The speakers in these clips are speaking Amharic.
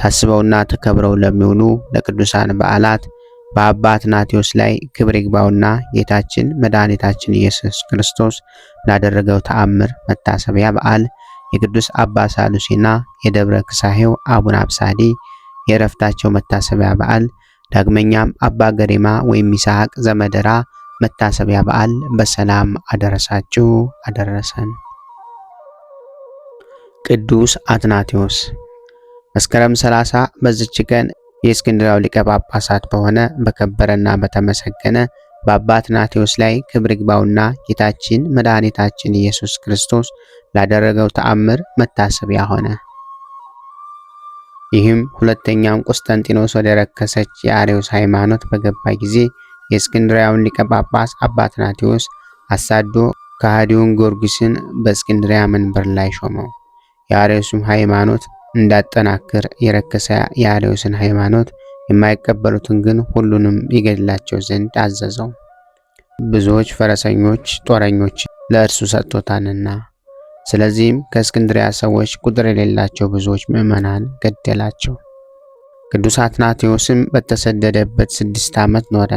ታስበውና ተከብረው ለሚውሉ ለቅዱሳን በዓላት በአባ ትናቴዎስ ላይ ክብር ይግባውና ጌታችን መድኃኒታችን ኢየሱስ ክርስቶስ ላደረገው ተአምር መታሰቢያ በዓል የቅዱስ አባ ሳሉሲና የደብረ ክሳሄው አቡነ አብሳዲ የእረፍታቸው መታሰቢያ በዓል ዳግመኛም አባ ገሪማ ወይም ይስሐቅ ዘመደራ መታሰቢያ በዓል በሰላም አደረሳችሁ አደረሰን። ቅዱስ አትናቴዎስ መስከረም 30 በዚች ቀን የእስክንድርያው ሊቀ ጳጳሳት በሆነ በከበረና በተመሰገነ በአባ ናቴዎስ ላይ ክብር ይግባውና ጌታችን መድኃኒታችን ኢየሱስ ክርስቶስ ላደረገው ተአምር መታሰቢያ ሆነ። ይህም ሁለተኛውን ቆስጠንጢኖስ ወደ ረከሰች የአርዮስ ሃይማኖት በገባ ጊዜ የእስክንድሪያውን ሊቀ ጳጳስ አባ ትናቴዎስ አሳዶ ከሃዲውን ጊዮርጊስን በእስክንድሪያ መንበር ላይ ሾመው። የአርዮስም ሃይማኖት እንዳጠናክር የረከሰ የአርዮስን ሃይማኖት የማይቀበሉትን ግን ሁሉንም ይገድላቸው ዘንድ አዘዘው። ብዙዎች ፈረሰኞች፣ ጦረኞች ለእርሱ ሰጥቶታልና። ስለዚህም ከእስክንድሪያ ሰዎች ቁጥር የሌላቸው ብዙዎች ምዕመናን ገደላቸው። ቅዱስ አትናቴዎስም በተሰደደበት ስድስት ዓመት ኖረ።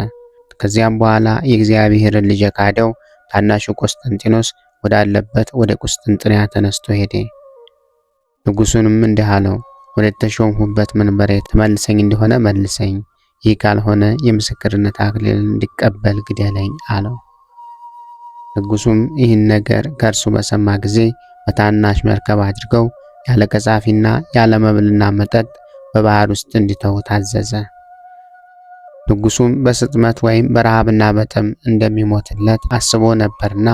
ከዚያም በኋላ የእግዚአብሔርን ልጅ ካደው ታናሹ ቆስጠንጢኖስ ወዳለበት ወደ ቁስጥንጥንያ ተነስቶ ሄደ። ንጉሱንም እንዲህ አለው፣ ወደ ተሾምሁበት መንበሬ ተመልሰኝ እንደሆነ መልሰኝ፣ ይህ ካልሆነ የምስክርነት አክሊልን እንዲቀበል ግደለኝ አለው። ንጉሱም ይህን ነገር ከእርሱ በሰማ ጊዜ በታናሽ መርከብ አድርገው ያለ ቀጻፊና ያለ መብልና መጠጥ በባህር ውስጥ እንዲተው ታዘዘ። ንጉሱም በስጥመት ወይም በረሃብና በጥም እንደሚሞትለት አስቦ ነበርና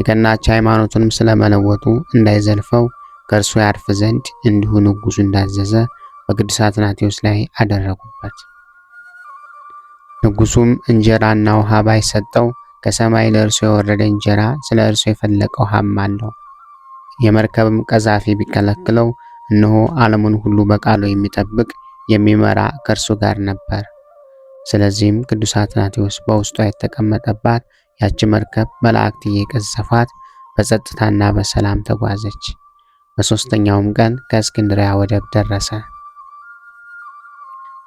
የቀናች ሃይማኖቱንም ስለመለወጡ እንዳይዘልፈው ከእርሱ ያርፍ ዘንድ እንዲሁ ንጉሱ እንዳዘዘ በቅዱስ አትናቴዎስ ላይ አደረጉበት። ንጉሱም እንጀራና ውሃ ባይሰጠው ከሰማይ ለእርሱ የወረደ እንጀራ ስለ እርሱ የፈለቀ ውሃም አለው። የመርከብም ቀዛፊ ቢከለክለው እነሆ ዓለሙን ሁሉ በቃሉ የሚጠብቅ የሚመራ ከእርሱ ጋር ነበር። ስለዚህም ቅዱስ አትናቴዎስ በውስጧ የተቀመጠባት ያቺ መርከብ መላእክት እየቀዘፏት በጸጥታና በሰላም ተጓዘች። በሦስተኛውም ቀን ከእስክንድሪያ ወደብ ደረሰ።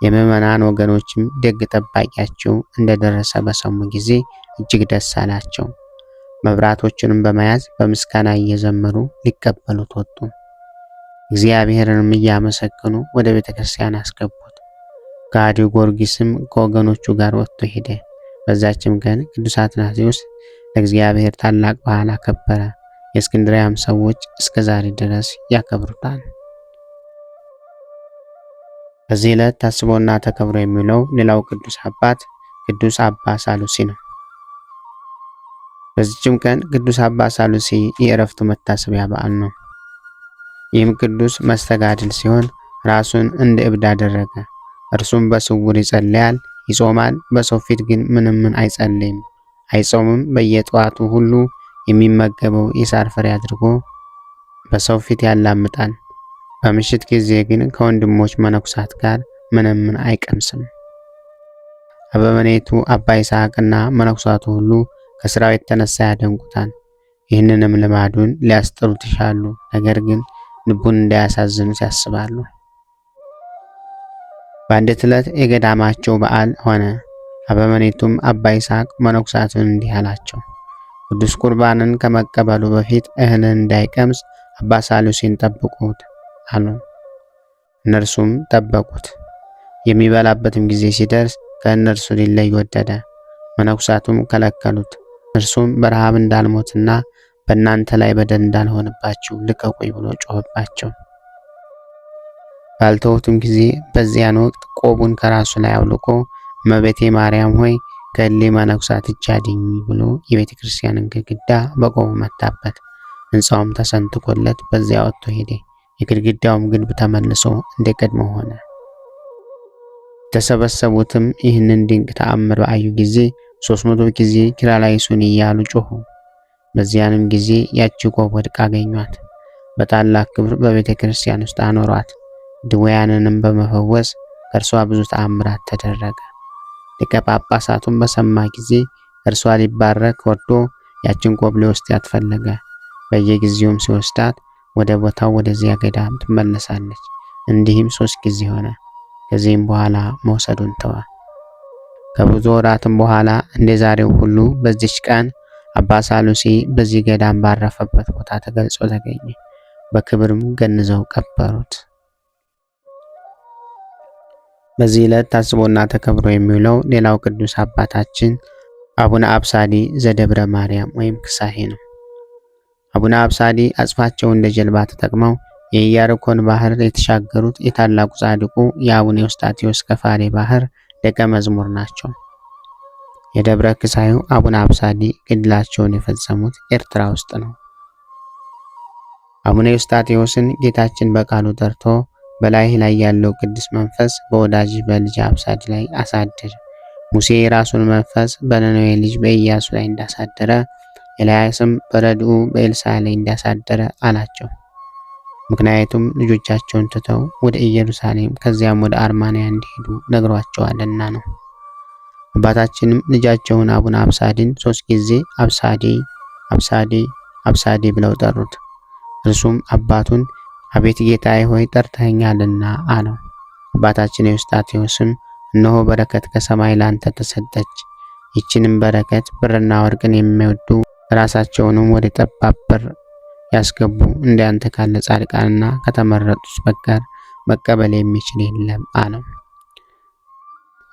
የምዕመናን ወገኖችም ደግ ጠባቂያቸው እንደደረሰ በሰሙ ጊዜ እጅግ ደስ አላቸው። መብራቶችንም በመያዝ በምስጋና እየዘመሩ ሊቀበሉት ወጡ። እግዚአብሔርንም እያመሰገኑ ወደ ቤተ ክርስቲያን አስገቡት። ጋዲ ጎርጊስም ከወገኖቹ ጋር ወጥቶ ሄደ። በዛችም ቀን ቅዱስ አትናቴዎስ ለእግዚአብሔር ታላቅ በዓል አከበረ። የእስክንድሪያም ሰዎች እስከ ዛሬ ድረስ ያከብሩታል። በዚህ ዕለት ታስቦና ተከብሮ የሚውለው ሌላው ቅዱስ አባት ቅዱስ አባ ሳሉሲ ነው። በዚችም ቀን ቅዱስ አባ ሳሉሲ የእረፍቱ መታሰቢያ በዓል ነው። ይህም ቅዱስ መስተጋድል ሲሆን ራሱን እንደ እብድ አደረገ። እርሱም በስውር ይጸልያል፣ ይጾማል። በሰው ፊት ግን ምንም ምን አይጸልይም፣ አይጾምም። በየጠዋቱ ሁሉ የሚመገበው የሳር ፍሬ አድርጎ በሰው ፊት ያላምጣል። በምሽት ጊዜ ግን ከወንድሞች መነኩሳት ጋር ምንምን አይቀምስም። አበመኔቱ አባ ይስሐቅና መነኩሳቱ ሁሉ ከስራው የተነሳ ያደንቁታል። ይህንንም ልማዱን ሊያስጥሩት ይሻሉ፣ ነገር ግን ልቡን እንዳያሳዝኑት ያስባሉ። በአንዲት ዕለት የገዳማቸው በዓል ሆነ። አበመኔቱም አባ ይስሐቅ መነኩሳቱን እንዲህ አላቸው። ቅዱስ ቁርባንን ከመቀበሉ በፊት እህልን እንዳይቀምስ አባ ሳሉሲን ጠብቁት አሉ። እነርሱም ጠበቁት። የሚበላበትም ጊዜ ሲደርስ ከእነርሱ ሊለይ ወደደ። መነኩሳቱም ከለከሉት። እርሱም በረሃብ እንዳልሞትና በእናንተ ላይ በደል እንዳልሆንባችሁ ልቀቁኝ ብሎ ጮኸባቸው። ባልተውትም ጊዜ በዚያን ወቅት ቆቡን ከራሱ ላይ አውልቆ እመቤቴ ማርያም ሆይ ከእሌ መነኩሳት እጅ አድኝ ብሎ የቤተ ክርስቲያንን ግድግዳ በቆሙ መታበት። ህንፃውም ተሰንጥቆለት በዚያ ወጥቶ ሄደ። የግድግዳውም ግንብ ተመልሶ እንደ ቀድሞ ሆነ። የተሰበሰቡትም ይህንን ድንቅ ተአምር በአዩ ጊዜ ሶስት መቶ ጊዜ ኪርያላይሶን እያሉ ጮኹ። በዚያንም ጊዜ ያቺ ቆብ ወድቃ አገኟት። በታላቅ ክብር በቤተ ክርስቲያን ውስጥ አኖሯት። ድውያንንም በመፈወስ ከእርሷ ብዙ ተአምራት ተደረገ። ሊቀ ጳጳሳቱን በሰማ ጊዜ እርሷ ሊባረክ ወዶ ያችን ቆብ ሊወስዳት ፈለገ። በየጊዜውም ሲወስዳት ወደ ቦታው ወደዚያ ገዳም ትመለሳለች። እንዲህም ሶስት ጊዜ ሆነ። ከዚህም በኋላ መውሰዱን ተዋ። ከብዙ ወራትም በኋላ እንደ ዛሬው ሁሉ በዚች ቀን አባ ሳሉሲ በዚህ ገዳም ባረፈበት ቦታ ተገልጾ ተገኘ። በክብርም ገንዘው ቀበሩት። በዚህ ዕለት ታስቦና ተከብሮ የሚውለው ሌላው ቅዱስ አባታችን አቡነ አብሳዲ ዘደብረ ማርያም ወይም ክሳሄ ነው። አቡነ አብሳዲ አጽፋቸው እንደ ጀልባ ተጠቅመው የኢያሪኮን ባህር የተሻገሩት የታላቁ ጻድቁ የአቡነ ኤዎስጣቴዎስ ከፋሬ ባህር ደቀ መዝሙር ናቸው። የደብረ ክሳዩ አቡነ አብሳዲ ግድላቸውን የፈጸሙት ኤርትራ ውስጥ ነው። አቡነ ኤዎስጣቴዎስን ጌታችን በቃሉ ጠርቶ በላይህ ላይ ያለው ቅዱስ መንፈስ በወዳጅ በልጅ አብሳድ ላይ አሳድር። ሙሴ የራሱን መንፈስ በነነዌ ልጅ በኢያሱ ላይ እንዳሳደረ ኤልያስም በረድኡ በኤልሳ ላይ እንዳሳደረ አላቸው። ምክንያቱም ልጆቻቸውን ትተው ወደ ኢየሩሳሌም ከዚያም ወደ አርማንያ እንዲሄዱ ነግሯቸዋልና ነው። አባታችንም ልጃቸውን አቡነ አብሳድን ሶስት ጊዜ አብሳዴ አብሳዴ አብሳዴ ብለው ጠሩት። እርሱም አባቱን አቤት ጌታዬ ሆይ ጠርተኸኛልና አለው። አባታችን ስም እነሆ በረከት ከሰማይ ላንተ ተሰጠች። ይችንም በረከት ብርና ወርቅን የሚወዱ ራሳቸውንም ወደ ጠባብ በር ያስገቡ እንዳንተ ካለ ጻድቃንና ከተመረጡት በቀር መቀበል የሚችል የለም አለው።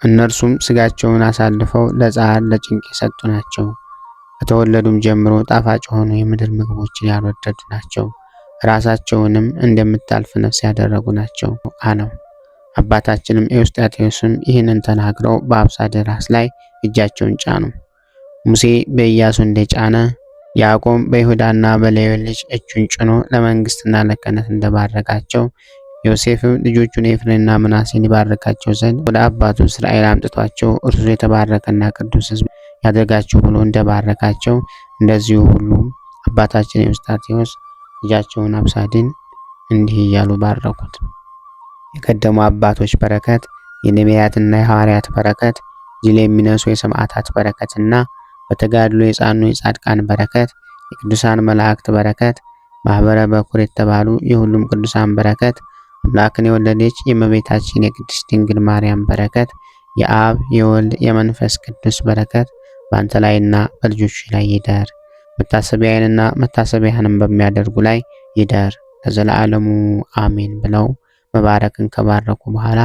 እነርሱም ስጋቸውን አሳልፈው ለጻር ለጭንቅ የሰጡ ናቸው። ከተወለዱም ጀምሮ ጣፋጭ የሆኑ የምድር ምግቦችን ያልወደዱ ናቸው። ራሳቸውንም እንደምታልፍ ነፍስ ያደረጉ ናቸው አለው። አባታችንም ኤውስጣቴዎስም ይህንን ተናግረው በአብሳደ ራስ ላይ እጃቸውን ጫኑ። ሙሴ በኢያሱ እንደጫነ ያዕቆብ በይሁዳና በሌዊ ልጅ እጁን ጭኖ ለመንግስትና ለክህነት እንደባረካቸው ዮሴፍም ልጆቹን ኤፍሬምና ምናሴን ይባረካቸው ዘንድ ወደ አባቱ እስራኤል አምጥቷቸው እርሱ የተባረከና ቅዱስ ሕዝብ ያደርጋቸው ብሎ እንደባረካቸው እንደዚሁ ሁሉም አባታችን ኤውስጣቴዎስ ልጃቸውን አብሳድን እንዲህ እያሉ ባረኩት። የቀደሙ አባቶች በረከት፣ የነቢያትና የሐዋርያት በረከት፣ ድል የሚነሱ የሰማዕታት በረከትና በተጋድሎ የጻኑ የጻድቃን በረከት፣ የቅዱሳን መላእክት በረከት፣ ማኅበረ በኩር የተባሉ የሁሉም ቅዱሳን በረከት፣ አምላክን የወለደች የእመቤታችን የቅድስት ድንግል ማርያም በረከት፣ የአብ የወልድ የመንፈስ ቅዱስ በረከት በአንተ ላይና በልጆች ላይ ይደር። መታሰቢያዬንና መታሰቢያህንም በሚያደርጉ ላይ ይደር ለዘላለሙ አሜን ብለው መባረክን ከባረኩ በኋላ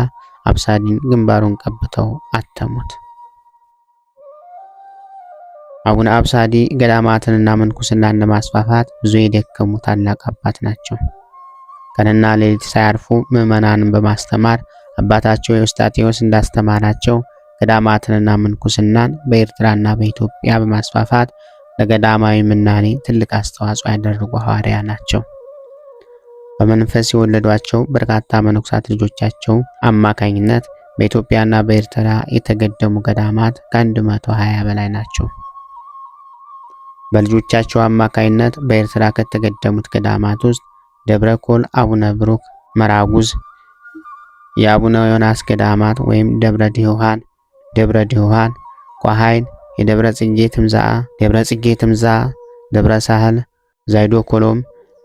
አብሳዲን ግንባሩን ቀብተው አተሙት። አቡነ አብሳዲ ገዳማትንና ምንኩስናን ለማስፋፋት ብዙ የደከሙ ታላቅ አባት ናቸው። ቀንና ሌሊት ሳያርፉ ምዕመናንን በማስተማር አባታቸው ኤዎስጣቴዎስ እንዳስተማራቸው ገዳማትንና ምንኩስናን በኤርትራና በኢትዮጵያ በማስፋፋት ለገዳማዊ ምናኔ ትልቅ አስተዋጽኦ ያደረጉ ሐዋርያ ናቸው። በመንፈስ የወለዷቸው በርካታ መነኮሳት ልጆቻቸው አማካኝነት በኢትዮጵያና በኤርትራ የተገደሙ ገዳማት ከ120 በላይ ናቸው። በልጆቻቸው አማካኝነት በኤርትራ ከተገደሙት ገዳማት ውስጥ ደብረ ኮል አቡነ ብሩክ፣ መራጉዝ፣ የአቡነ ዮናስ ገዳማት ወይም ደብረ ድዮሃን፣ ደብረ ድዮሃን፣ ቋሃይን፣ የደብረ ጽጌ ትምዛ ደብረ ጽጌ ትምዛ፣ ደብረ ሳህል፣ ዛይዶ ኮሎም፣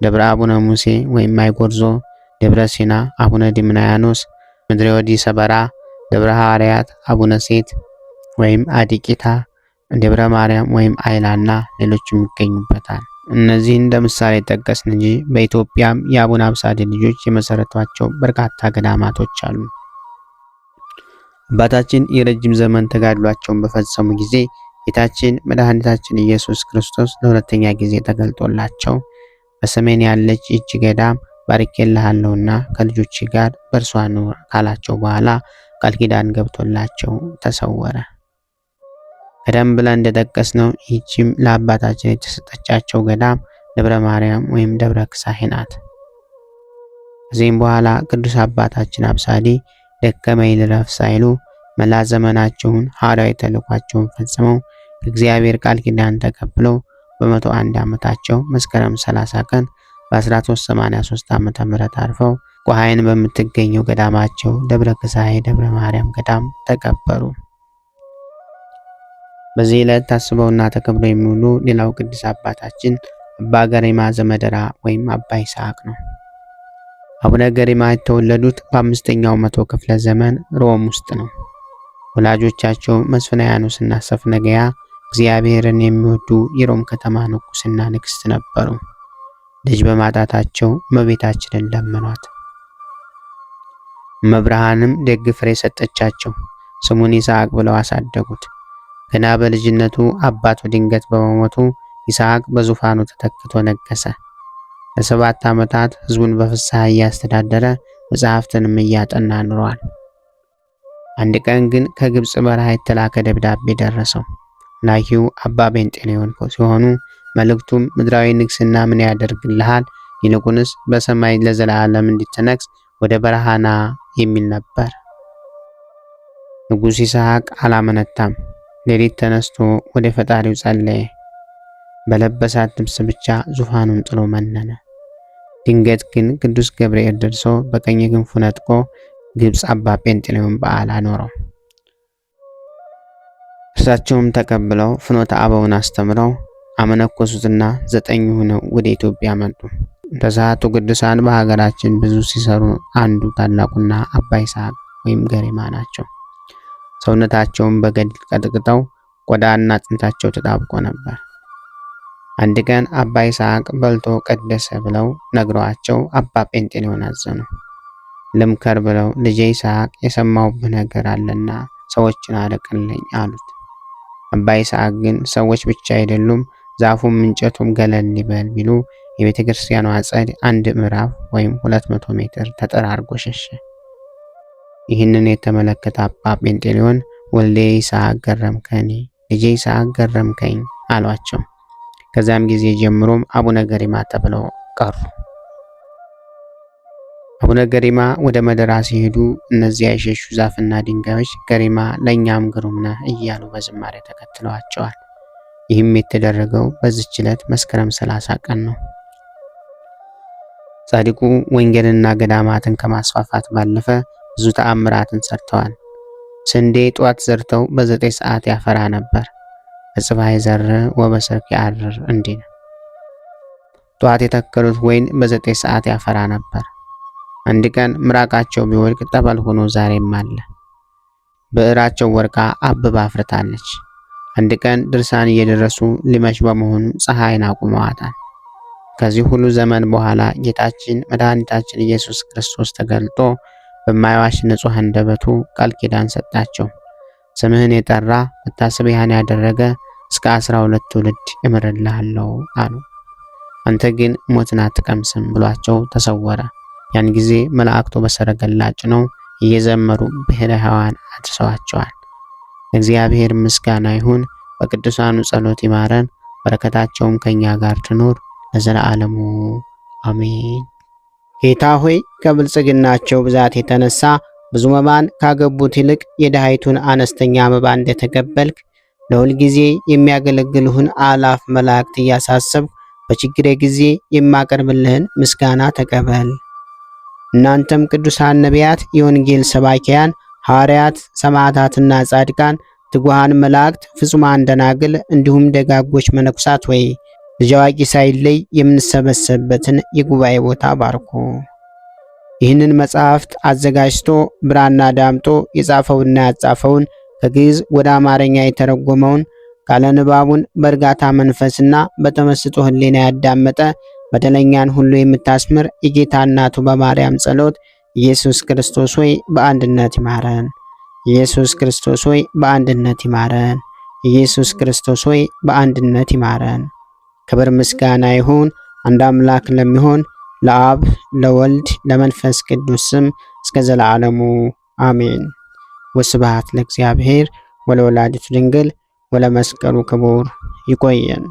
ደብረ አቡነ ሙሴ ወይም ማይጎርዞ ደብረ ሲና አቡነ ዲምናያኖስ፣ ምድረ ወዲ ሰበራ፣ ደብረ ሐዋርያት አቡነ ሴት ወይም አዲቂታ፣ ደብረ ማርያም ወይም አይላና ሌሎችም ይገኙበታል። እነዚህ እንደ ምሳሌ ጠቀስን እንጂ በኢትዮጵያም የአቡነ አብሳዴ ልጆች የመሰረቷቸው በርካታ ገዳማቶች አሉ። አባታችን የረጅም ዘመን ተጋድሏቸውን በፈጸሙ ጊዜ ጌታችን መድኃኒታችን ኢየሱስ ክርስቶስ ለሁለተኛ ጊዜ ተገልጦላቸው በሰሜን ያለች ይህች ገዳም ባርኬልሃለሁና ከልጆች ጋር በእርሷ ኑር ካላቸው በኋላ ቃል ኪዳን ገብቶላቸው ተሰወረ። ቀደም ብለን እንደጠቀስነው ይህችም ለአባታችን የተሰጠቻቸው ገዳም ደብረ ማርያም ወይም ደብረ ክሳሄ ናት። ከዚህም በኋላ ቅዱስ አባታችን አብሳዴ ደከመኝ ልረፍ ሳይሉ መላ ዘመናቸውን ሐዋርያዊ ተልኳቸውን ፈጽመው ከእግዚአብሔር ቃል ኪዳን ተቀብለው በመቶ አንድ ዓመታቸው መስከረም 30 ቀን በ1383 ዓ ም አርፈው ቋሃይን በምትገኘው ገዳማቸው ደብረ ክሳሄ ደብረ ማርያም ገዳም ተቀበሩ። በዚህ ዕለት ታስበውና ተከብረው የሚውሉ ሌላው ቅዱስ አባታችን አባ ገሪማ ዘመደራ ወይም አባ ይስሐቅ ነው። አቡነ ገሪማ የተወለዱት በአምስተኛው መቶ ክፍለ ዘመን ሮም ውስጥ ነው። ወላጆቻቸው መስፍናያኖስና ሰፍነገያ እግዚአብሔርን የሚወዱ የሮም ከተማ ንጉስና ንግስት ነበሩ። ልጅ በማጣታቸው እመቤታችንን ለመኗት። መብርሃንም ደግ ፍሬ ሰጠቻቸው። ስሙን ይስሐቅ ብለው አሳደጉት። ገና በልጅነቱ አባቱ ድንገት በመሞቱ ይስሐቅ በዙፋኑ ተተክቶ ነገሰ። ለሰባት ዓመታት ሕዝቡን በፍስሐ እያስተዳደረ መጽሐፍትንም እያጠና ኑሯል። አንድ ቀን ግን ከግብፅ በረሃ የተላከ ደብዳቤ ደረሰው። ላኪው አባ ጴንጤሌዎን ሲሆኑ መልእክቱም ምድራዊ ንግስና ምን ያደርግልሃል? ይልቁንስ በሰማይ ለዘላለም እንድትነግስ ወደ በረሃና የሚል ነበር። ንጉሥ ይስሐቅ አላመነታም። ሌሊት ተነስቶ ወደ ፈጣሪው ጸለየ። በለበሳት ልብስ ብቻ ዙፋኑን ጥሎ መነነ። ድንገት ግን ቅዱስ ገብርኤል ደርሶ በቀኝ ክንፉ ነጥቆ ግብፅ አባ ጴንጤሌዎን በዓል አኖረው። እርሳቸውም ተቀብለው ፍኖተ አበውን አስተምረው አመነኮሱትና ዘጠኝ ሆነው ወደ ኢትዮጵያ መጡ። በሰዓቱ ቅዱሳን በሀገራችን ብዙ ሲሰሩ አንዱ ታላቁና አባ ይስሐቅ ወይም ገሪማ ናቸው። ሰውነታቸውን በገድል ቀጥቅጠው ቆዳና አጥንታቸው ተጣብቆ ነበር። አንድ ቀን አባ ይስሐቅ በልቶ ቀደሰ ብለው ነግሯቸው አባ ጴንጤሌዎን አዘኑ። ልምከር ብለው ልጄ ይስሐቅ የሰማሁብህ ነገር አለና ሰዎችን አርቅልኝ አሉት። አባ ይስሐቅ ግን ሰዎች ብቻ አይደሉም፣ ዛፉም እንጨቱም ገለል ሊበል ቢሉ የቤተ ክርስቲያኗ አጸድ አንድ ምዕራፍ ወይም ሁለት መቶ ሜትር ተጠራርጎ ሸሸ። ይህንን የተመለከተ አባ ጴንጤሌዎን ወልዴ ይስሐቅ ገረምከኝ፣ ልጄ ይስሐቅ ገረምከኝ አሏቸው። ከዚያም ጊዜ ጀምሮም አቡነ ገሪማ ተብለው ቀሩ። አቡነ ገሪማ ወደ መደራ ሲሄዱ እነዚያ የሸሹ ዛፍና ድንጋዮች ገሪማ ለእኛም ግሩምና እያሉ በዝማሬ ተከትለዋቸዋል። ይህም የተደረገው በዚች ዕለት መስከረም 30 ቀን ነው። ጻድቁ ወንጌልና ገዳማትን ከማስፋፋት ባለፈ ብዙ ተአምራትን ሰርተዋል። ስንዴ ጧት ዘርተው በዘጠኝ ሰዓት ያፈራ ነበር። በጽባይ ዘር ወበሰርክ ያድር እንዲል። ጠዋት የተከሉት ወይን በዘጠኝ ሰዓት ያፈራ ነበር። አንድ ቀን ምራቃቸው ቢወድቅ ጠበል ሆኖ ዛሬም አለ። ብዕራቸው ወርቃ አብባ አፍርታለች። አንድ ቀን ድርሳን እየደረሱ ሊመሽ በመሆኑ ፀሐይን አቁመዋታል። ከዚህ ሁሉ ዘመን በኋላ ጌታችን መድኃኒታችን ኢየሱስ ክርስቶስ ተገልጦ በማይዋሽ ንጹሕ አንደበቱ ቃል ኪዳን ሰጣቸው። ስምህን የጠራ መታሰቢያን ያደረገ እስከ አስራ ሁለት ትውልድ እምርልሃለሁ አሉ። አንተ ግን ሞትን አትቀምስም ብሏቸው ተሰወረ። ያን ጊዜ መላእክቱ በሰረገላጭ ነው እየዘመሩ ብሔረ ሕያዋን አድርሰዋቸዋል። እግዚአብሔር ምስጋና ይሁን። በቅዱሳኑ ጸሎት ይማረን፣ በረከታቸውም ከእኛ ጋር ትኖር ለዘላለሙ አሜን። ጌታ ሆይ ከብልጽግናቸው ብዛት የተነሳ ብዙ መባን ካገቡት ይልቅ የድሃይቱን አነስተኛ መባ እንደተቀበልክ ለሁል ጊዜ የሚያገለግልሁን አላፍ መላእክት እያሳሰብ በችግሬ ጊዜ የማቀርብልህን ምስጋና ተቀበል። እናንተም ቅዱሳን ነቢያት፣ የወንጌል ሰባኪያን ሐዋርያት፣ ሰማዕታትና ጻድቃን፣ ትጉሃን መላእክት፣ ፍጹማን ደናግል እንዲሁም ደጋጎች መነኩሳት ወይ ልጅ አዋቂ ሳይለይ የምንሰበሰብበትን የጉባኤ ቦታ ባርኩ። ይህንን መጽሐፍት አዘጋጅቶ ብራና ዳምጦ የጻፈውና ያጻፈውን ከግዕዝ ወደ አማርኛ የተረጎመውን ቃለ ንባቡን በእርጋታ መንፈስና በተመስጦ ሕሊና ያዳመጠ በደለኛን ሁሉ የምታስምር የጌታ እናቱ በማርያም ጸሎት ኢየሱስ ክርስቶስ ሆይ በአንድነት ይማረን። ኢየሱስ ክርስቶስ ሆይ በአንድነት ይማረን። ኢየሱስ ክርስቶስ ሆይ በአንድነት ይማረን። ክብር ምስጋና ይሁን አንድ አምላክ ለሚሆን ለአብ ለወልድ ለመንፈስ ቅዱስ ስም እስከ ዘለዓለሙ አሜን። ወስብሐት ለእግዚአብሔር ወለወላዲቱ ድንግል ወለመስቀሉ ክቡር። ይቆየን።